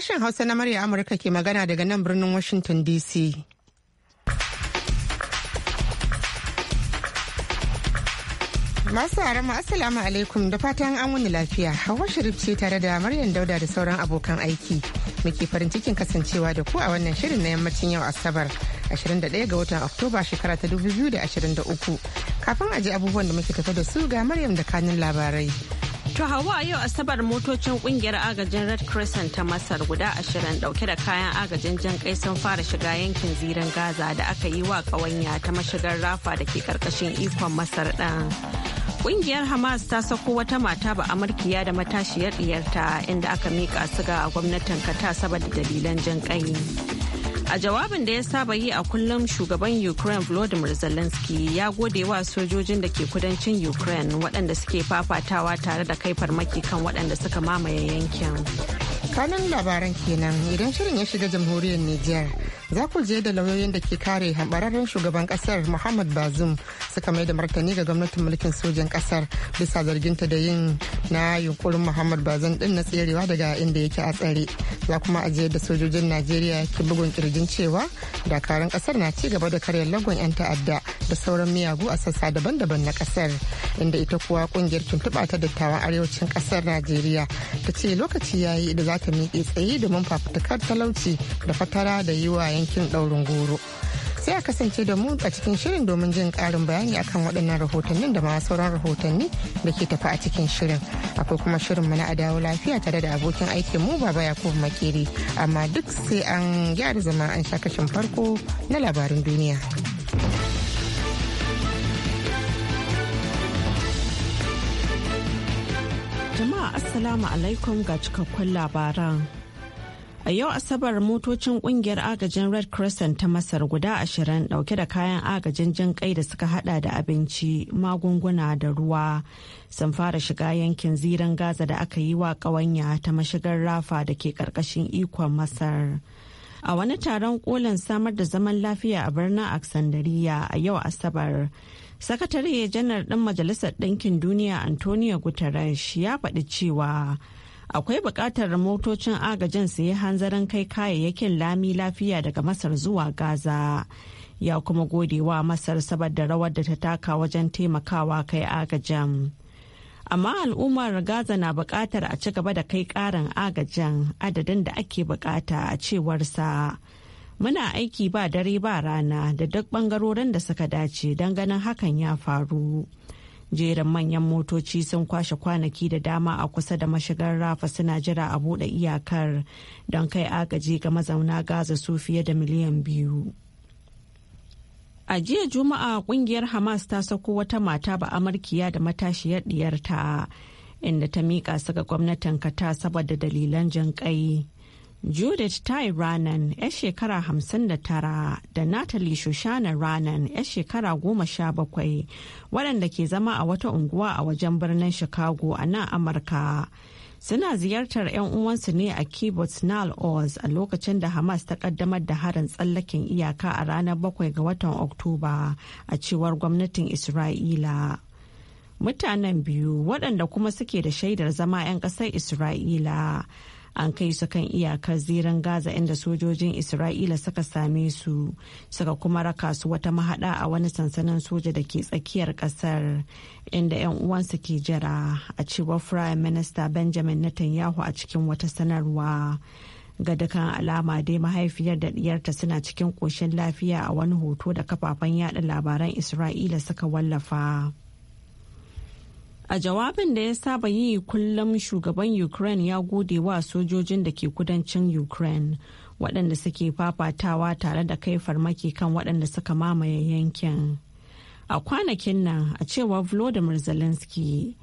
Sashen Hausa na murya Amurka ke magana daga nan birnin Washington DC. Masu harama Assalamu alaikum da fatan an wani lafiya. Hawa Sharif ce tare da Maryam Dauda da sauran abokan aiki. Muke farin cikin kasancewa da ku a wannan shirin na yammacin yau Asabar 21 ga watan Oktoba shekara ta 2023. Kafin a ji abubuwan da muke tafa da su ga Maryam da kanin labarai. To hawa yau asabar motocin kungiyar agajin Red Crescent ta Masar guda ashirin dauke da kayan agajin jan kai sun fara shiga yankin zirin Gaza da aka yi wa kawanya ta mashigar rafa da ke karkashin ikon Masar ɗin. Kungiyar Hamas ta sako wata mata ba amurkiya da matashiyar diyarta inda aka mika su ga gwamnatin kata saboda dalilan jan kai. A jawabin da ya saba yi a kullum shugaban Ukraine Volodymyr Zelensky ya gode wa sojojin da ke kudancin Ukraine waɗanda suke fafatawa tare da kai farmaki kan waɗanda suka mamaye yankin. Kanin labaran kenan idan shirin ya shiga jamhuriyar Niger. za ku je da lauyoyin da ke kare hambararren shugaban kasar muhammad bazum suka mai da martani ga gwamnatin mulkin sojan kasar bisa zarginta da yin na yunkurin muhammad bazum din na tserewa daga inda yake a tsare za kuma ajiye da sojojin najeriya ke bugun kirjin cewa dakarun kasar na ci gaba da karyar lagon 'yan ta'adda da sauran miyagu a sassa daban-daban na kasar inda ita kuwa kungiyar tuntuɓa ta dattawan arewacin kasar najeriya ta ce lokaci ya yi da za ta miƙe tsaye domin fafutukar talauci da fatara da yiwaye yankin daurin goro sai a kasance da mu a cikin shirin domin jin karin bayani akan waɗannan rahotannin da ma sauran rahotanni da ke tafi a cikin shirin akwai kuma shirin mana a dawo lafiya tare da abokin aikin mu baba yakubu makeri amma duk sai an gyara zama an sha kashin farko na labarin duniya jama'a assalamu alaikum ga cikakkun labaran A yau Asabar motocin kungiyar agajin Red Crescent ta Masar guda ashirin dauke da kayan agajin jin kai da suka hada da abinci, magunguna da ruwa sun fara shiga yankin ziran Gaza da aka yi wa kawanya ta mashigar Rafa da ke karkashin ikon Masar. A wani taron kolin samar da zaman lafiya a birnin Aksandariya a yau Asabar. Sakatare janar ɗin Majalisar Ɗinkin Duniya Antonio Guterres ya faɗi cewa akwai buƙatar motocin agajin su yi hanzarin kai kayayyakin lami lafiya daga masar zuwa gaza ya kuma gode wa masar saboda rawar da ta taka wajen taimakawa kai agajin amma al'ummar gaza na buƙatar a ci gaba da kai ƙarin agajin adadin da ake buƙata a cewarsa muna aiki ba dare ba rana da duk ɓangarorin da suka dace don ganin hakan ya faru. jerin manyan motoci sun kwashe kwanaki da dama a kusa da mashigar rafa suna jira a buɗe iyakar don kai agaji ga mazauna gaza su fiye da miliyan biyu a jiya juma'a kungiyar hamas ta sako wata mata ba amurkiya da matashiyar diyarta inda ta miƙa su ga gwamnatin kata saboda dalilan ƙai. Judith Tai Ranan, 'yar shekara hamsin da tara da Natalie Shoshana Ranan, 'yar shekara goma sha bakwai waɗanda ke zama a wata unguwa a wajen birnin Chicago a nan Amurka. Suna ziyartar 'yan uwansu ne a Kibbutz Nal Oz a lokacin da Hamas ta kaddamar da harin tsallaken iyaka a ranar bakwai ga watan Oktoba a cewar gwamnatin Isra'ila. Mutanen biyu waɗanda kuma suke da shaidar zama 'yan ƙasar Isra'ila. an kai su kan iyakar ziran gaza inda sojojin isra'ila suka same su suka kuma raka su wata mahada a wani sansanin soja da ke tsakiyar kasar inda 'yan uwansu ke jira a cewar prime minister benjamin netanyahu a cikin wata sanarwa ga dukkan alama dai mahaifiyar da diyarta suna cikin koshin lafiya a wani hoto da kafafen yada labaran isra'ila suka wallafa. A jawabin da ya saba yi kullum shugaban Ukraine ya gode wa sojojin da ke kudancin Ukraine waɗanda suke fafatawa tare da kai farmaki kan waɗanda suka mamaye yankin. A kwanakin nan a cewa Volodymyr Zelensky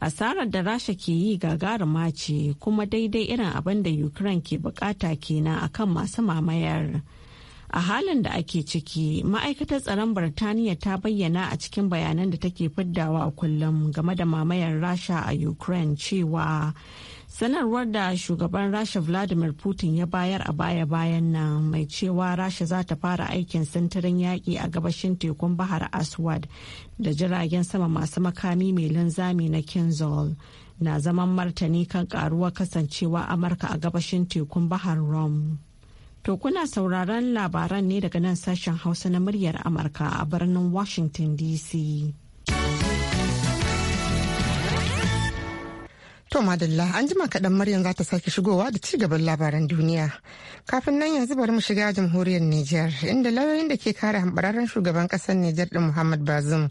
asarar da Rasha ke yi gagaruma ce kuma daidai irin abin da Ukraine ke bukata kenan akan masu mamayar. a halin da ake ciki ma'aikatar tsaron birtaniya ta bayyana a cikin bayanan da take fiddawa a kullum game da mamayar rasha a ukraine cewa sanarwar da shugaban rasha vladimir putin ya bayar a baya-bayan nan mai cewa rasha za ta fara aikin sintirin yaƙi a gabashin tekun bahar aswad da jiragen sama masu makami mai linzami na kinzol na zaman martani kan karuwar kasancewa amurka a gabashin tekun bahar Rome. To kuna sauraron labaran ne daga nan sashen Hausa na muryar Amurka a birnin Washington DC. To madalla an jima kaɗan Maryam za ta sake shigowa da ci gaban labaran duniya. Kafin nan yanzu bari mu shiga jamhuriyar Nijar inda lauyoyin da ke kare hambararren shugaban ƙasar Nijar ɗin Muhammad Bazoum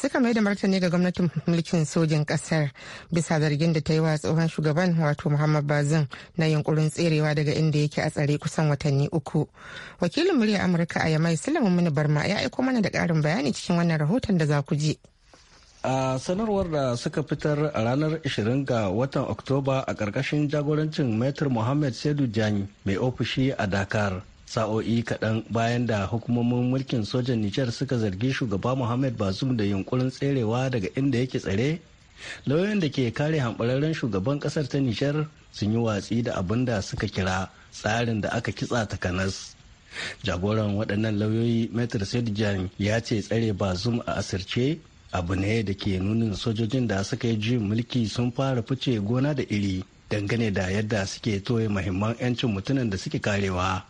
suka mai da martani ga gwamnatin mulkin sojin ƙasar bisa zargin da ta yi wa tsohon shugaban wato Muhammad Bazoum na yunkurin tserewa daga inda yake a tsare kusan watanni uku. Wakilin murya Amurka a Yamai Sulaiman Mini Barma ya aiko mana da ƙarin bayani cikin wannan rahoton da za ku ji. a sanarwar da suka fitar a ranar 20 ga watan oktoba a ƙarƙashin jagorancin metr mohammed sedu jani mai ofishi a dakar sa'o'i kaɗan bayan da hukumomin mulkin sojan nijar suka zargi shugaba mohammed bazum da yunkurin tserewa daga inda yake tsare lauyoyin da ke kare hambararren shugaban ƙasar ta nijar sun yi watsi da abin da suka kira tsarin da aka kitsa takanas jagoran waɗannan lauyoyi metr sedu jani ya ce tsare bazum a asirce abu ne da ke nunin sojojin da suka yi juyin mulki sun fara fice gona da iri dangane da yadda suke toye mahimman 'yancin mutumin da suke karewa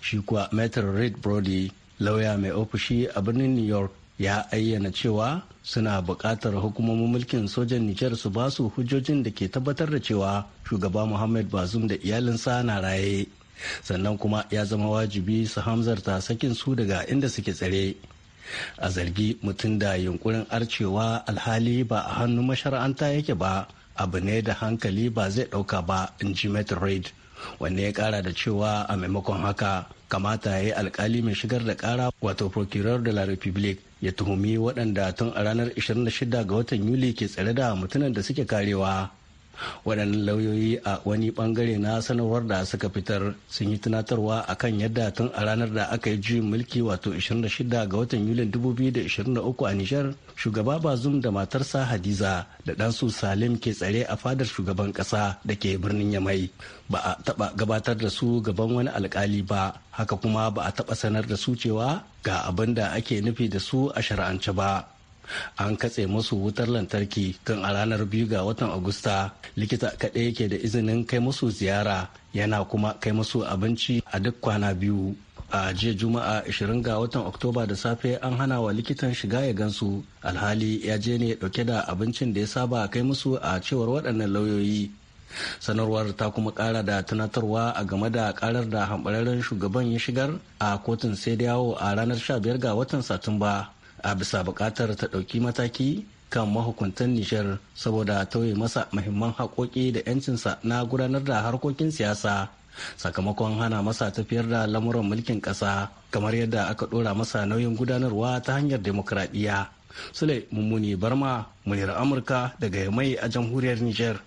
shi kuwa metro Red brody lauya mai ofishi a birnin new york ya ayyana cewa suna buƙatar hukumomin mulkin sojan nijar su ba su hujjojin da ke tabbatar da cewa shugaba muhammad bazum da iyalinsa na raye sannan kuma ya zama wajibi su hamzarta sakin su daga inda suke tsare a zargi mutum da yunkurin arcewa alhali ba a hannun mashara'anta yake ba abu ne da hankali ba zai ɗauka ba in ji reid wanne ya kara da cewa a maimakon haka kamata ya yi alkali mai shigar da kara wato procureur de la republique ya tuhumi waɗanda tun a ranar 26 ga watan yuli ke tsare da mutumin da suke karewa waɗannan lauyoyi a wani ɓangare na sanarwar da suka fitar sun yi tunatarwa a kan yadda tun a ranar da aka yi juyin mulki wato 26 ga watan yulin 2023 a nijar shugaba bazum da matarsa hadiza da ɗansu salim ke tsare a fadar shugaban ƙasa da ke birnin yamai ba a taɓa gabatar da su gaban wani alkali ba haka kuma ba a taɓa sanar da su cewa ga abin da ake nufi da su a shara'ance ba an katse musu wutar lantarki tun a ranar biyu ga watan agusta likita kaɗai yake da izinin kai musu ziyara yana kuma kai musu abinci a duk kwana biyu a jiya juma'a 20 ga watan oktoba da safe an hana wa likitan shiga ya gansu alhali ya je ne dauke da abincin da ya saba kai musu a cewar waɗannan lauyoyi sanarwar ta kuma kara da tunatarwa a game da karar da hambararren shugaban ya shigar a kotun sai yawo a ranar 15 ga watan satumba a bisa buƙatar ta ɗauki mataki kan mahukuntan Nijar saboda tauye masa mahimman haƙoƙi da 'yancinsa na gudanar da harkokin siyasa sakamakon hana masa tafiyar da lamuran mulkin ƙasa kamar yadda aka ɗora masa nauyin gudanarwa ta hanyar demokradiyya. Sule Mummuni Barma, muryar Amurka daga mai a jamhuriyar Nijar.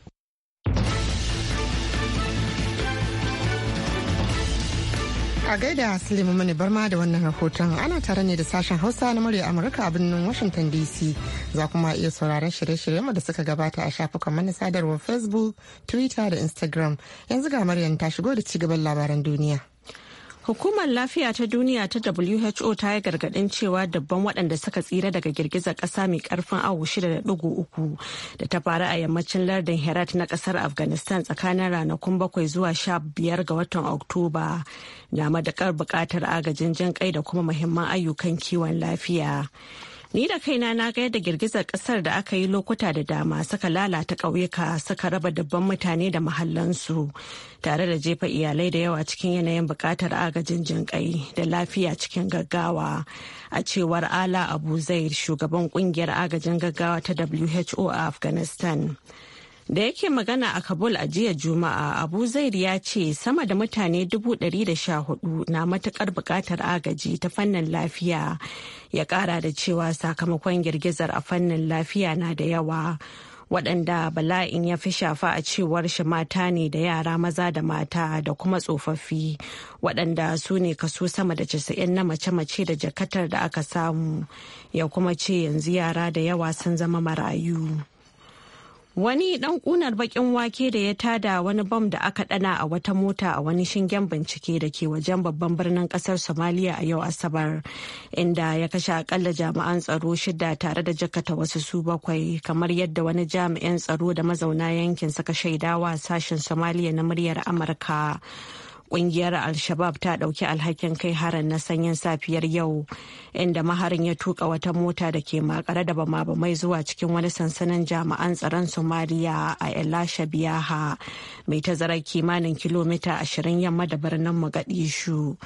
a gaida Suleiman Mani Barma da wannan rahoton ana tare ne da sashen Hausa na murya Amurka a birnin Washington DC za kuma iya sauraron shirye-shiryen da suka gabata a shafukan mana sadarwar Facebook, Twitter da Instagram. Yanzu ga Maryam ta shigo da cigaban labaran duniya. Hukumar lafiya ta duniya ta WHO ta yi gargaɗin cewa dabban waɗanda suka tsira daga girgizar ƙasa mai ƙarfin awu 6.3 da ta faru a yammacin lardin Herat na ƙasar Afghanistan tsakanin ranakun bakwai zuwa 15 ga watan Oktoba na madakar buƙatar agajin jin kai da kuma muhimman ayyukan kiwon lafiya. Ni da kaina na ga yadda girgizar kasar da aka yi lokuta da dama suka lalata ƙauyuka suka raba dabban mutane da mahallansu tare da jefa iyalai da yawa cikin yanayin buƙatar agajin jinƙai da lafiya cikin gaggawa a cewar Ala Abu Zaid shugaban kungiyar agajin gaggawa ta WHO a Afghanistan. Da yake magana a Kabul a jiya Juma'a, Abu Zair ya ce sama da mutane 114 na matukar buƙatar agaji ta fannin lafiya. Ya ƙara da cewa sakamakon girgizar a fannin lafiya na da yawa. Waɗanda bala'in ya fi shafa a cewar shi mata ne da yara maza da mata da kuma tsofaffi waɗanda su ne kaso sama da casa'in na mace-mace da jakatar da aka samu ya kuma ce yanzu yara da yawa sun zama marayu. Wani ɗan ƙunar baƙin wake da ya tada wani bam da aka ɗana a wata mota a wani shingen bincike da ke wajen babban birnin ƙasar Somalia a yau Asabar, inda ya kashe akalla jami'an tsaro shida tare da jakata wasu su bakwai kamar yadda wani jami'in tsaro da mazauna yankin suka shaidawa sashen Somalia na muryar Amurka. kungiyar Al-Shabab ta dauki alhakin kai harin na sanyin safiyar yau, inda maharin ya tuka wata mota da ke makare da bama-bamai zuwa cikin wani sansanin jami'an tsaron Somaliya a Elasha Biyaha, mai tazarar kimanin kilomita 20 yamma da birnin Mogadishu.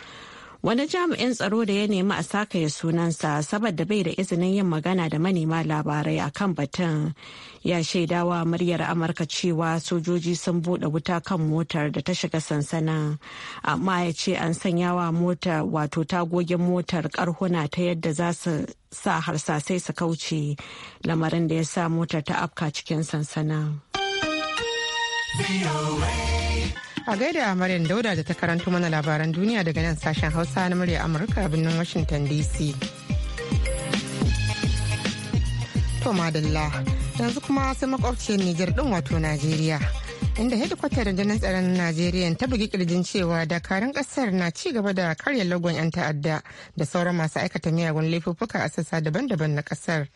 Wani jami'in tsaro da ya nemi a sakaya sunansa saboda bai da izinin yin magana da manema labarai a kan batun ya shaidawa muryar Amurka cewa sojoji sun buɗe wuta kan motar da ta shiga sansanin amma ya ce an sanya wa mota wato tagogin motar karhuna ta yadda za su sa harsasai su kauce lamarin da ya sa motar ta afka cikin sansanin. A gaida Maryam Dauda da ta karanto mana labaran duniya daga nan sashen Hausa na murya Amurka a birnin Washington DC. To madalla yanzu kuma sai makwabciyar Nijar din wato Najeriya. inda hedikwatar rundunar tsaron najeriya ta bugi kirjin cewa dakarun kasar na ci gaba da karya lagon 'yan ta'adda da sauran masu aikata miyagun laifuffuka a sassa daban-daban na kasar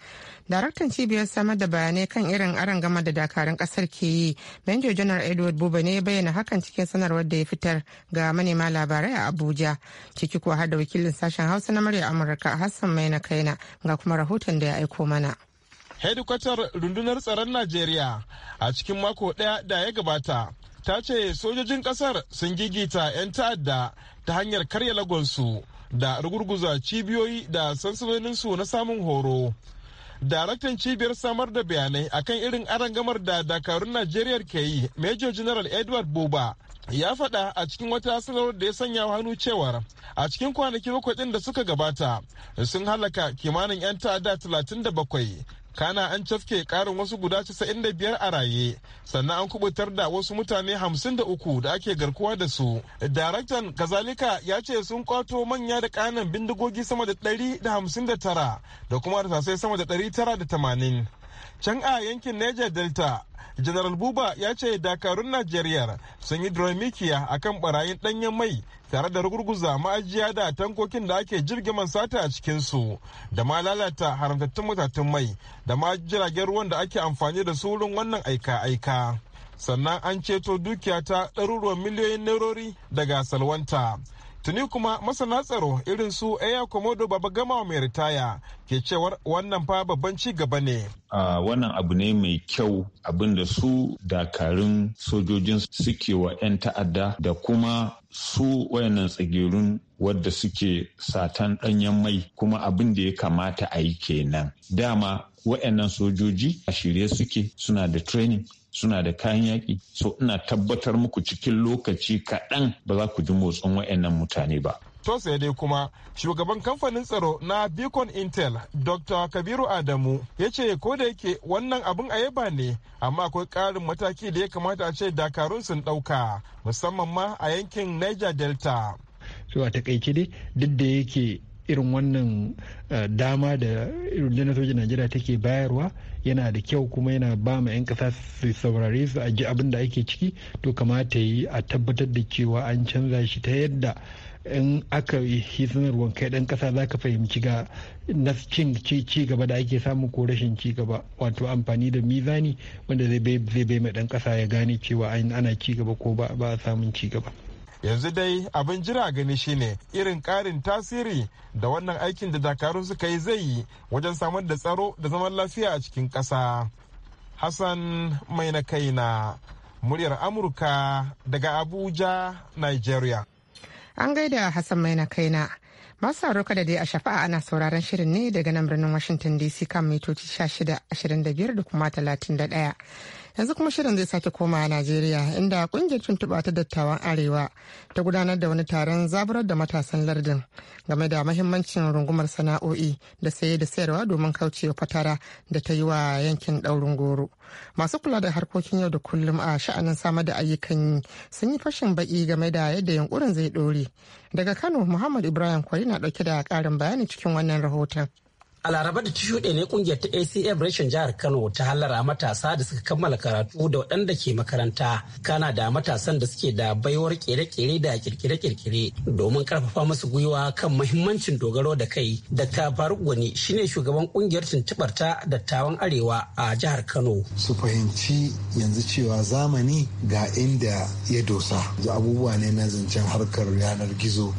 daraktan cibiyar samar da bayanai kan irin aron gama da dakarun kasar ke yi Benjo janar edward buba ne ya bayyana hakan cikin sanarwar da ya fitar ga manema labarai a abuja ciki kuwa har da wakilin sashen hausa na murya amurka hassan maina kaina ga kuma rahoton da ya aiko mana hedikwatar rundunar tsaron najeriya a cikin mako ɗaya da ya gabata ta ce sojojin ƙasar sun gigita 'yan ta'adda ta hanyar karya lagonsu da rugurguza cibiyoyi da sansanoninsu na samun horo daraktan cibiyar samar da bayanai akan irin arangamar da dakarun najeriya ke yi major general edward buba ya faɗa a cikin wata sanarwar da ya sanya hannu cewar a cikin kwanaki bakwai ɗin da suka gabata sun halaka kimanin 'yan ta'adda 37 kana an cafke karin wasu guda 95 a raye sannan an kubutar da wasu mutane 53 da ake garkuwa da su daraktan kazalika ya ce sun kwato manya da kanan bindigogi sama da 159 da kuma rasasai sama da 980 can a yankin niger delta general buba ya ce dakarun najeriya sun yi dramikiya kan barayin danyen mai tare da rugurguza ma'ajiya da tankokin da ake jirgin man sata a cikinsu da ma lalata haramtattun matatun mai da ma jiragen ruwan da ake amfani da su wurin wannan aika-aika sannan an ceto dukiya ta ɗaruruwan miliyoyin nerori daga salwanta tuni kuma masana tsaro irin su eya komodo baba gama mai ritaya ke cewar wannan fa babban ci gaba ne wannan abu ne mai kyau abin da su dakarun sojojin suke wa 'yan ta'adda da kuma su wayannan tsagerun wadda suke satan danyen mai kuma abin da ya kamata a yi kenan dama wayannan sojoji a shirye suke suna da training suna da kayan yaƙi so ina tabbatar muku cikin lokaci kaɗan ba za ku ji motsin wayannan mutane ba. To sai dai kuma shugaban kamfanin tsaro na Beacon Intel Dr. Kabiru Adamu ya ce ko da yake wannan abin a yaba ne amma akwai ƙarin mataki da ya kamata a ce dakarun sun ɗauka musamman ma a yankin Niger Delta. So a takaice dai duk da yake irin wannan eh, dama da irin sojin najeriya take bayarwa yana da kyau kuma yana ba ma 'yan kasa su saurare su a ji abin da ake ciki to kamata yi a tabbatar da cewa an canza shi ta yadda in aka yi sanarwar kai dan kasa za ka fahimci ga na cin ci gaba da ake samu ko rashin ci gaba wato amfani da mizani wanda zai bai mai dan kasa ya gane cewa ana ci gaba ko ba a samun ci gaba. yanzu dai abin jira gani shine irin karin tasiri da wannan aikin da dakarun suka yi zai yi wajen samar da tsaro da zaman lafiya a cikin ƙasa hassan mai na kaina muryar amurka daga abuja nigeria an gaida hassan mai na kaina masu haruka da dai a shafa'a ana sauraron shirin ne daga nan birnin washington dc kan mitoci 16 25 da kuma 31 yanzu kuma shirin zai sake koma a najeriya inda kungiyar tuntuɓa ta dattawan arewa ta gudanar da wani taron zaburar da matasan lardin game da mahimmancin rungumar sana'o'i da saye da sayarwa domin kaucewa fatara da ta yi wa yankin ɗaurin goro masu kula da harkokin yau da kullum a sha'anin samar da ayyukan yi sun yi fashin baki game da yadda yunkurin zai ɗore daga kano muhammad ibrahim kwari na ɗauke da ƙarin bayani cikin wannan rahoton A laraba da shuɗe ne kungiyar ta ACF reshen jihar Kano ta hallara matasa da suka kammala karatu da waɗanda ke makaranta kana da matasan da suke da baiwar ƙere ƙere da ƙirƙire kirkire domin karfafa musu gwiwa kan mahimmancin dogaro da kai. Dr. Faruk Gwani shine shugaban kungiyar tuntubar ta dattawan Arewa a jihar Kano. Su fahimci yanzu cewa zamani ga inda ya dosa. abubuwa ne na zancen harkar yanar gizo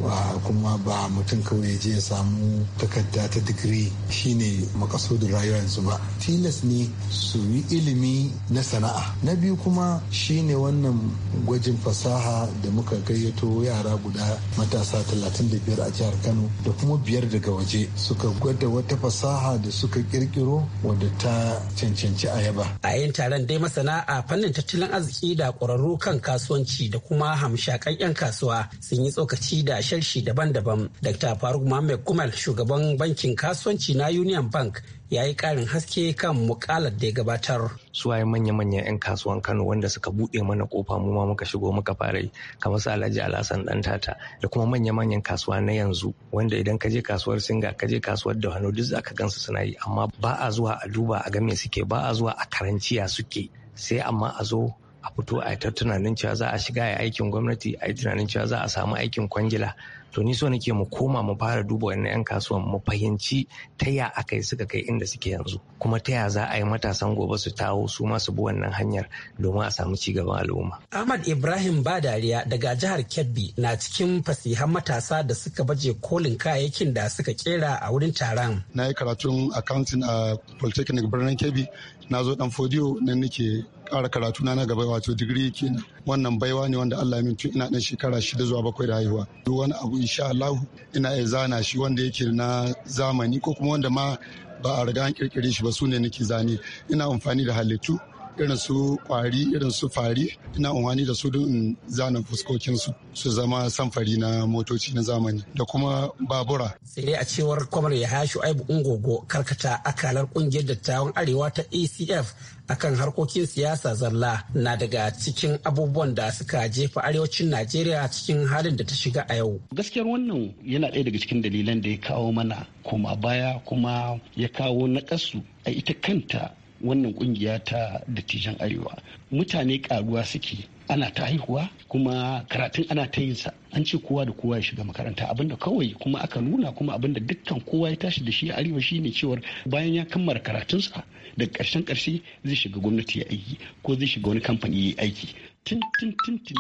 kuma ba mutum kawai ya je ya samu takarda ta digiri shine makasudin yanzu ba tilas ne su yi ilimi na sana'a na biyu kuma shine wannan gwajin fasaha da muka gayyato yara guda matasa 35 a jihar kano da kuma biyar daga waje suka gwada wata fasaha da suka kirkiro wadda ta cancanci ayaba a yin taron dai masana a fannin tattalin arziki da kwararru kan kasuwanci da kuma hamshakan 'yan kasuwa sun yi tsokaci da sharshi daban-daban dr faruk muhammad kumal shugaban bankin kasuwanci na union bank ya yi karin haske kan mukalar da ya gabatar. Suwaye manya-manyan 'yan kasuwan Kano wanda suka buɗe mana kofa mu ma muka shigo muka fara yi kamar su Alhaji Alhassan dan tata da kuma manya-manyan kasuwa na yanzu wanda idan ka je kasuwar Singa ka je kasuwar Dawano duk zaka gansu suna yi amma ba a zuwa a duba a ga me suke ba a zuwa a karanciya suke sai amma a zo a fito a yi tattunanin tunanin cewa za a shiga a aikin gwamnati a yi tunanin cewa za a samu aikin kwangila to ni so nake mu koma mu fara duba wannan 'yan kasuwan mu fahimci ta ya aka yi suka kai inda suke yanzu kuma ta ya za a yi matasan gobe su taho su ma su bi wannan hanyar domin a samu ci gaban al'umma. Ahmad Ibrahim Badariya daga jihar Kebbi na cikin fasihan matasa da suka baje kolin kayayyakin da suka kera a wurin taron. Na yi karatun accounting a Polytechnic birnin Kebbi na zo dan fodiyo nan nake ƙara karatu na gaba wato digiri kenan wannan baiwa ne wanda Allah min tun ina dan shekara shida zuwa bakwai da haihuwa duk wani abu insha Allah ina iya zana shi wanda yake na zamani ko kuma wanda ma ba a riga an kirkire shi ba sune nake zane ina amfani da halittu irin su kwari irin su fari ina umarni da su don in zana fuskokinsu su zama samfari na motoci na zamani da kuma babura. sai dai a cewar kwamar ya haya aibu ungogo karkata akalar kungiyar dattawan arewa ta acf akan harkokin siyasa zalla na daga cikin abubuwan da suka jefa arewacin najeriya cikin halin da ta shiga a yau gaskiyar wannan yana ɗaya daga cikin dalilan da ya kawo mana koma baya kuma ya kawo naƙasu a ita kanta wannan kungiya ta dattijan arewa mutane karuwa suke ana ta haihuwa kuma karatun ana ta yin sa an ce kowa da kowa ya shiga makaranta abinda kawai kuma aka nuna kuma abinda dukkan kowa ya tashi da shi a arewa shine cewar bayan ya kammala karatunsa daga karshen karshe zai shiga gwamnati ya aiki ko zai shiga wani kamfani ya aiki tun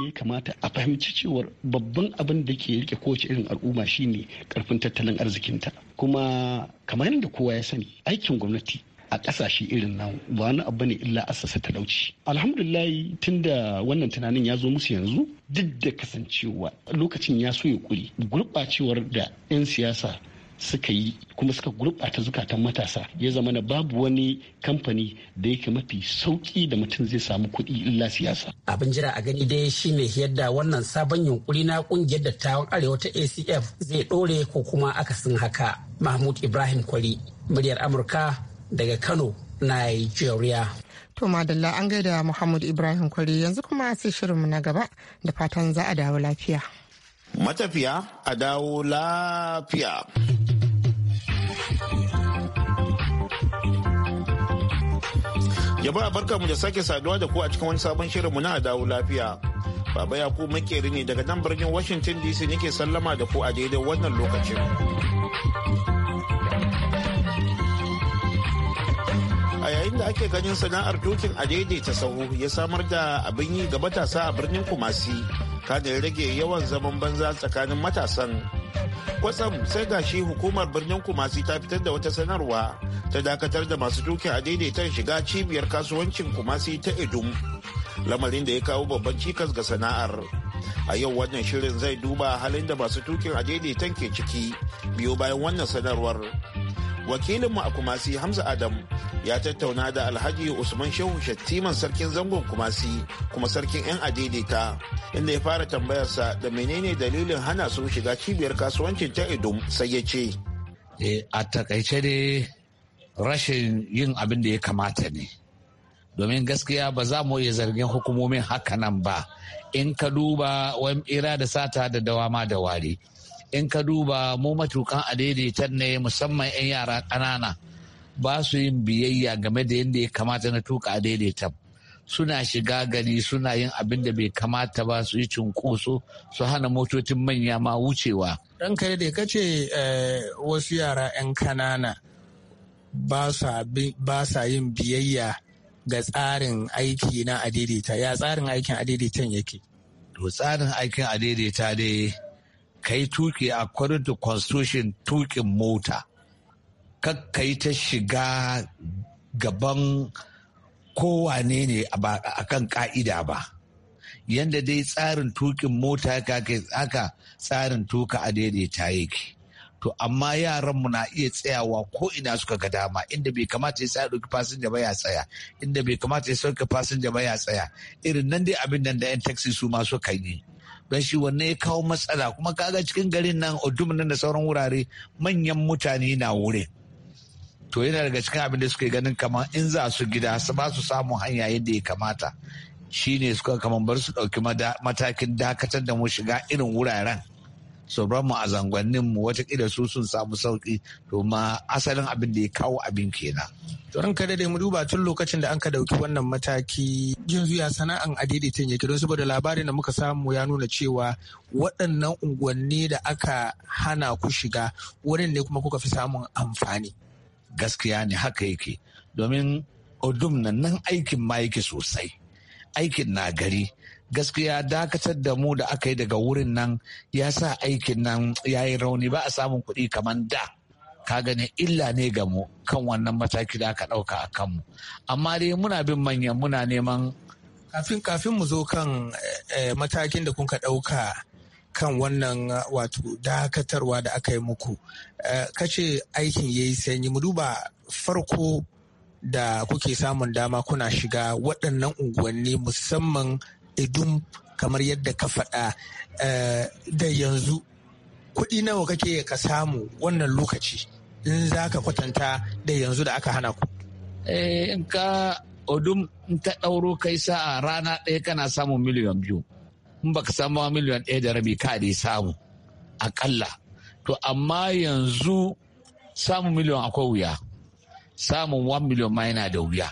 ne kamata a fahimci cewar babban abin da ke rike kowace irin al'umma shine karfin tattalin arzikinta kuma kamar yadda kowa ya sani aikin gwamnati a kasashe irin nan ba wani abu ne illa asasa talauci alhamdulillah tunda wannan tunanin ya zo musu yanzu duk da kasancewa lokacin ya so ya kuri gurɓacewar da 'yan siyasa suka yi kuma suka gurɓata zukatan matasa ya zama na babu wani kamfani da yake mafi sauki da mutum zai samu kuɗi illa siyasa. Abin jira a gani dai shine yadda wannan sabon yunkuri na ƙungiyar dattawan arewa ta ACF zai ɗore ko kuma akasin haka. Mahmud Ibrahim Kwari, muryar Amurka daga Kano, Nigeria. To Madalla an gaida Muhammad Ibrahim Kwari yanzu kuma sai shirinmu na gaba da fatan za a dawo lafiya. Matafiya a dawo lafiya. a barka mu da sake saduwa da ku a cikin wani sabon shirinmu na dawo lafiya. Baba yaku makeri ne daga nan birnin Washington DC nake sallama da ku a daidai wannan lokacin. da ake ganin sana'ar dokin a daidaita sahu ya samar da abin yi ga matasa a birnin kumasi kanin rage yawan zaman banza tsakanin matasan kwatsam sai ga shi hukumar birnin kumasi ta fitar da wata sanarwa ta dakatar da masu dokin a daidaitar shiga cibiyar kasuwancin kumasi ta idum lamarin da ya kawo babban cikas ga sana'ar a yau wannan shirin zai duba halin da masu tukin a daidaitan ke ciki biyo bayan wannan sanarwar wakilinmu a kumasi hamza adam ya tattauna da alhaji usman shehu shattiman sarkin zangon kumasi kuma sarkin 'yan adidita inda ya fara tambayarsa da menene dalilin hana su shiga cibiyar kasuwancin ta idum sai ya ce eh, a takaice ne rashin yin abin da ya kamata ne domin gaskiya ba za mu iya zargin hukumomin haka nan ba in ka duba wani ira da sata da dawama da wari in ka duba mu matukan adaidaitan ne musamman 'yan yara ƙanana ba su yin biyayya game da yadda ya kamata na tuka adaidaitan suna shiga gari suna yin abin da bai kamata ba su yi cunkoso su hana motocin manya ma wucewa. ɗan kai da ka ce eh, wasu yara 'yan kanana ba sa yin biyayya ga tsarin aiki na adaidaita ya tsarin aikin adaidaitan yake. To tsarin aikin adaidaita dai ka yi tuki according to constitution tukin mota kai yi ta shiga gaban kowane ne a kan ka'ida ba yadda dai tsarin tukin mota haka tsarin tuka a daidaita yake to amma yaranmu na iya tsayawa ko ina suka ga dama inda bai kamata ya tsaya ɗauki fasinja ba ya tsaya inda bai kamata ya sauke fasinja ba ya tsaya irin nan dai abin nan da yan taxi su ma suka yi don shi wanne ya kawo matsala kuma kaga cikin garin nan odum nan da sauran wurare manyan mutane na wurin to yana daga cikin abin da suke ganin kamar in za su gida su ba su samu hanya yadda ya kamata shine suka kamar bar su ɗauki matakin dakatar da mu shiga irin wuraren sauran mu a zangonnin mu watakila su sun samu sauki to ma asalin abin da ya kawo abin kenan. Tsoron ka da mu duba tun lokacin da an ka dauki wannan mataki yanzu ya sana'an adaidaita yake don saboda labarin da muka samu ya nuna cewa waɗannan unguwanni da aka hana ku shiga wurin ne kuma kuka fi samun amfani. Gaskiya ne haka yake domin odum nan nan aikin ma yake sosai aikin na gari gaskiya dakatar da mu da aka yi daga wurin nan ya sa aikin nan ya yi rauni ba a samun kuɗi kamar da ka gani illa ne ga mu kan wannan mataki da aka ɗauka a kanmu amma dai muna bin manyan muna neman kafin kafin mu zo kan eh, matakin da kuka ɗauka kan wannan wato dakatarwa da aka yi muku eh, kace aikin ya yi sanyi mu duba farko da kuke samun dama kuna shiga waɗannan unguwanni musamman idum kamar yadda ka faɗa eh, da yanzu kuɗi nawa kake ka samu wannan lokaci in za ka kwatanta da yanzu da aka hana ku. Eh, in ka odum in ta ɗauro kai sa'a rana ɗaya kana samun miliyan biyu in ba ka samu miliyan ɗaya da rabi ka dai samu aƙalla to amma yanzu samun miliyan akwai wuya samun 1 miliyan ma yana da wuya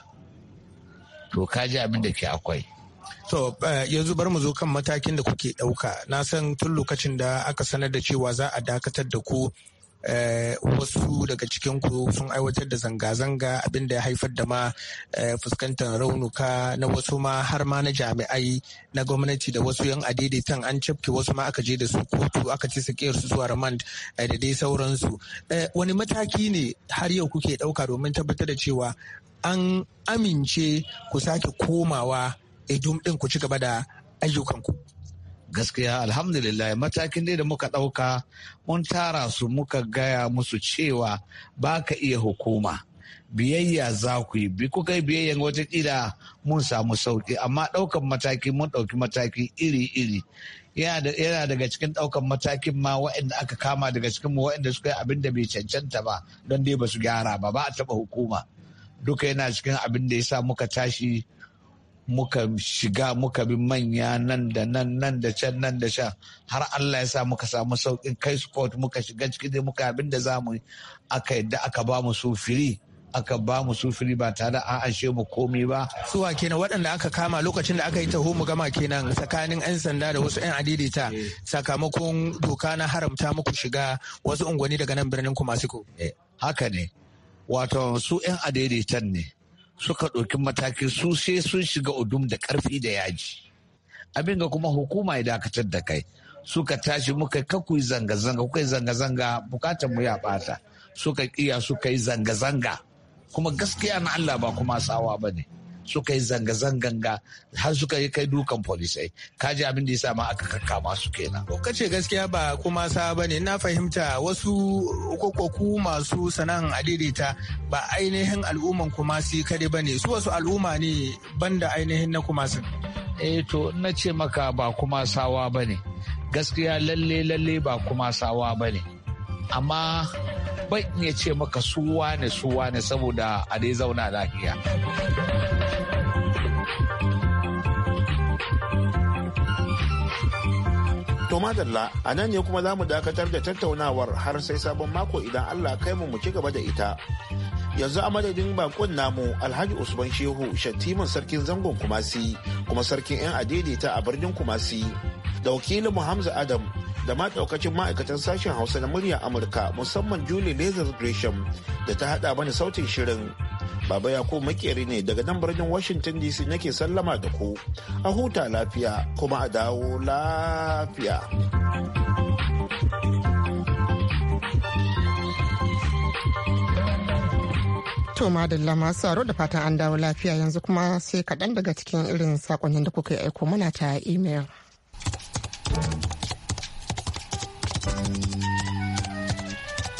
to ka ji abin da ke akwai So eh, yanzu bari mu zo kan matakin da kuke ɗauka. Na san tun lokacin da aka sanar da cewa za a dakatar da ku eh, wasu daga cikin ku sun aiwatar da zanga-zanga abin da ya haifar da ma eh, fuskantar raunuka na wasu ma har ma na jami'ai na gwamnati da wasu yan adidaitan an cafke wasu ma aka je da su kotu aka ci su su zuwa remand da dai sauransu wani mataki ne har yau kuke ɗauka domin tabbatar da cewa an amince ku sake komawa idum eh, din ku ci gaba da ayyukanku gaskiya alhamdulillah matakin da muka ɗauka mun tara su muka gaya musu cewa ba ka iya hukuma biyayya za ku yi bi kuka yi biyayyan watakila mun samu sauki amma ɗaukan mataki mun ɗauki mataki iri-iri yana daga cikin ɗaukan matakin ma waɗanda aka kama daga cikin mu waɗanda suka yi abin da bai cancanta ba don dai ba su gyara ba ba a taɓa hukuma duka yana cikin abin da ya sa muka tashi muka shiga muka bi manya nan da nan nan da can nan da sha har Allah ya sa muka samu saukin kai sport muka shiga ciki da muka abin da zamu aka yadda aka ba mu firi aka ba mu firi ba tare an ashe mu komai ba suwa kenan waɗanda aka kama lokacin da aka yi taho mu gama kenan tsakanin 'yan sanda da wasu 'yan adidita eh. sakamakon doka na haramta muku shiga wasu unguwanni daga nan birnin kumasiko eh, haka ne wato su 'yan adaidaita ne suka ɗauki mataki su sai sun shiga udum da ƙarfi da yaji abin ga kuma hukuma ya dakatar da kai suka tashi muka kaku zanga-zanga kuka zanga-zanga bukatar mu ya bata suka kiya suka yi zanga-zanga kuma gaskiya na Allah ba kuma sawa ba ne suka yi zanga-zangan har suka yi kai dukan polisai kaji abin da ya sa ma aka kakkama su kenan kace gaskiya ba kuma sa ba ne na fahimta wasu kokoku masu sana'an adaidaita ba ainihin al'umman kuma su kade bane su wasu al'umma ne banda ainihin na kuma su eh to na ce maka ba kuma sawa bane gaskiya lalle lalle ba kuma sawa bane amma ban iya ce maka suwa ne suwa ne saboda a dai zauna lafiya. To dalla a nan ne kuma za mu dakatar da tattaunawar har sai sabon mako idan Allah kai mu mu ci gaba da ita. Yanzu a madadin bakon namu Alhaji Usman Shehu Shattiman sarkin zangon Kumasi kuma sarkin 'yan adaidaita a birnin Kumasi da wakilin muhammadu Adam da ma daukacin ma'aikatan sashen Hausa na murya Amurka musamman Julie Lazar Gresham da ta hada mana sautin shirin. Baba ya ko makeri ne daga nan birnin Washington DC nake sallama da ku. A huta lafiya kuma a dawo lafiya. To madalla masu tsaro da fatan an dawo lafiya yanzu kuma sai kaɗan daga cikin irin sakonnin da kuka aiko mana ta imel.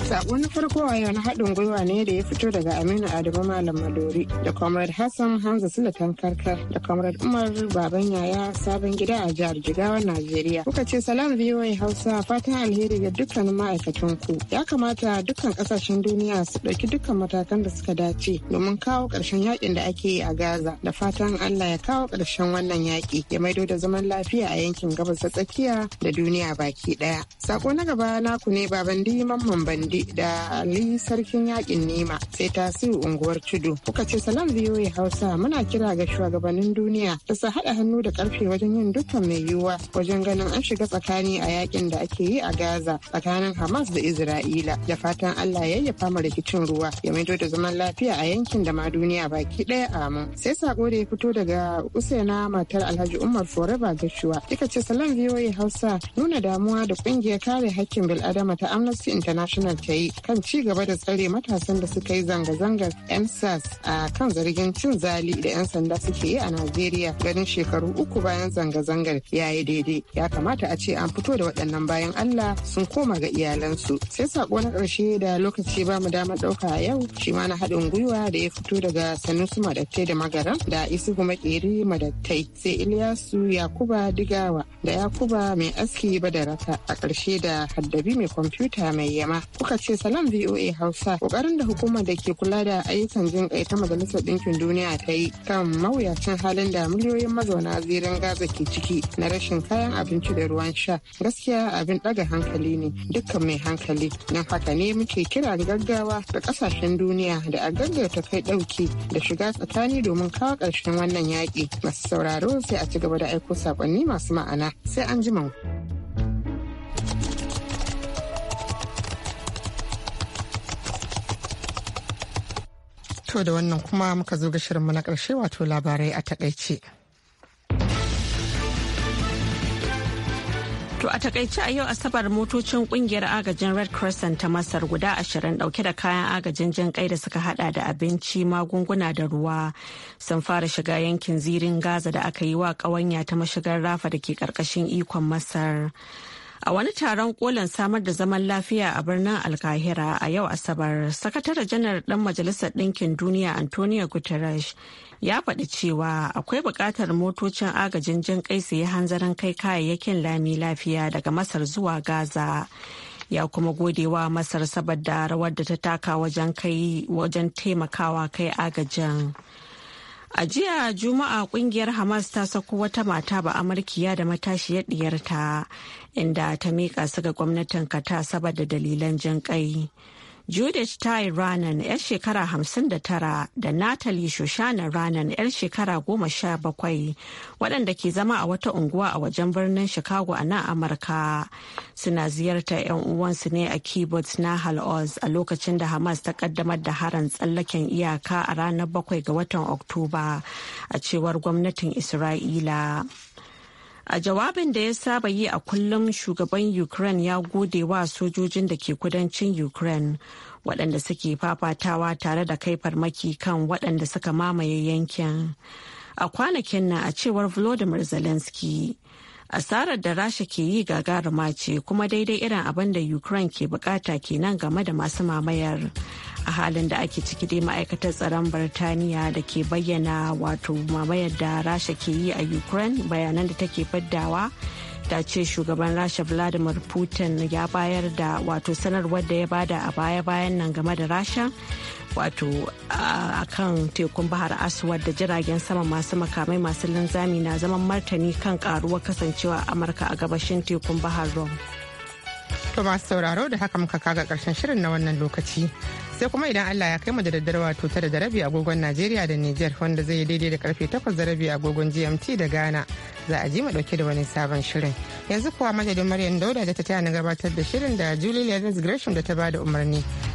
Sakon na farko a yau na haɗin gwiwa ne da ya fito daga Aminu Adamu Malam Madori da Comrade Hassan Hamza Sulatan Karkar da Comrade Umar Baban Yaya Sabon Gida a jihar Jigawa Najeriya. Kuka ce salam VOA Hausa fatan alheri ga dukkanin ma'aikatan ku. Ya kamata dukkan kasashen duniya su ɗauki dukkan matakan da suka dace domin kawo ƙarshen yakin da ake yi a Gaza da fatan Allah ya kawo ƙarshen wannan yaƙi ya maido da zaman lafiya a yankin gabas ta tsakiya da duniya baki ɗaya. Sako na gaba naku ne Babandi Mamman Bandi Kudi da Ali Sarkin Yakin Nema sai ta tasiru unguwar Tudu. Kuka ce salam ya Hausa muna kira ga shugabannin duniya da su haɗa hannu da ƙarfe wajen yin dukkan mai yiwuwa wajen ganin an shiga tsakani a yakin da ake yi a Gaza tsakanin Hamas da Isra'ila da fatan Allah ya yayyafa mu rikicin ruwa ya maido da zaman lafiya a yankin da ma duniya baki ɗaya mu. Sai sako da ya fito daga Usaina matar Alhaji Umar Forever Gashuwa. Kika ce salam ya Hausa nuna damuwa da ƙungiyar kare haƙƙin bil'adama ta Amnesty International ta yi kan ci gaba da tsare matasan da suka yi zanga-zangar sas a kan zargin cin zali da 'yan sanda suke yi a najeriya ganin shekaru uku bayan zanga-zangar ya yi daidai ya kamata a ce an fito da waɗannan bayan allah sun koma ga iyalansu sai sako na ƙarshe da lokaci ba mu damar ɗauka a yau shi ma na haɗin gwiwa da ya fito daga sanusu madattai da magaran da kuma ƙeri madattai sai iliyasu yakuba digawa da yakuba mai aski ba da raka a ƙarshe da haddabi mai kwamfuta mai yama kuka ce salam VOA Hausa kokarin da hukumar da ke kula da ayyukan jin kai ta Majalisar Dinkin Duniya ta yi kan mawuyacin halin da miliyoyin mazauna zirin Gaza ke ciki na rashin kayan abinci da ruwan sha gaskiya abin daga hankali ne dukkan mai hankali don haka ne muke kira gaggawa ga kasashen duniya da a gaggauta kai dauki da shiga tsakani domin kawo karshen wannan yaki masu sauraro sai a ci gaba da aiko sakonni masu ma'ana sai an ji To da wannan kuma muka zo ga shirinmu na ƙarshe wato labarai a takaice. To a takaice a yau asabar motocin kungiyar agajin Red Crescent ta Masar guda ashirin dauke da kayan agajin jan kai da suka hada da abinci, magunguna da ruwa sun fara shiga yankin zirin Gaza da aka yi wa kawanya ta mashigar Rafa da ke karkashin ikon Masar. A wani taron kolin samar da zaman lafiya a birnin Alkahira a yau Asabar, Sakatare janar ɗan Majalisar Ɗinkin Duniya Antonio Guterres ya faɗi cewa akwai buƙatar motocin agajin jin kai su yi hanzarin kai kayayyakin lami lafiya daga Masar zuwa Gaza. ya kuma godewa masar saboda rawar da ta taka wajen taimakawa kai agajin. A jiya Juma'a kungiyar Hamas ta sako wata mata ba Amurkiya da matashiyar diyarta inda ta miƙa su ga gwamnatin kata saboda dalilan jin ƙai. Judith Tai Ranan 'yar shekara 59 da Natalie Shoshana Ranan 'yar shekara 17 waɗanda ke zama a wata unguwa a wajen birnin Chicago a nan Amurka. Suna ziyartar 'yan uwansu ne a keyboards na Oz a lokacin da Hamas ta kaddamar da harin tsallaken iyaka a ranar 7 ga watan Oktoba a cewar gwamnatin Isra'ila. A jawabin da ya saba yi a kullum shugaban Ukraine ya gode wa sojojin da ke kudancin Ukraine waɗanda suke fafatawa tare da kai farmaki kan waɗanda suka mamaye yankin. A kwanakin nan a cewar Volodymyr Zelensky. asarar da rasha ke yi gagaruma ce kuma daidai irin abin da ukraine ke bukata kenan game da masu mamayar a halin da ake ciki dai ma'aikatar tsaron birtaniya da ke bayyana wato mamayar da rasha ke yi a ukraine bayanan da take faddawa ta ce shugaban rasha vladimir putin ya bayar da wato sanarwar da ya bada a baya-bayan nan game da rasha wato a kan tekun bahar aswad da jiragen sama masu makamai masu linzami na zaman martani kan karuwar kasancewa a amurka a gabashin tekun bahar rom to masu sauraro da haka muka kaga karshen shirin na wannan lokaci sai kuma idan Allah ya kai mu da daddare wato tara da rabi agogon Najeriya da Niger wanda zai yi daidai da karfe takwas da rabi agogon GMT da Ghana za a ji mu dauke da wani sabon shirin yanzu kuwa madadin Maryam Dauda da ta taya na gabatar da shirin da Julie Lewis Gresham da ta bada umarni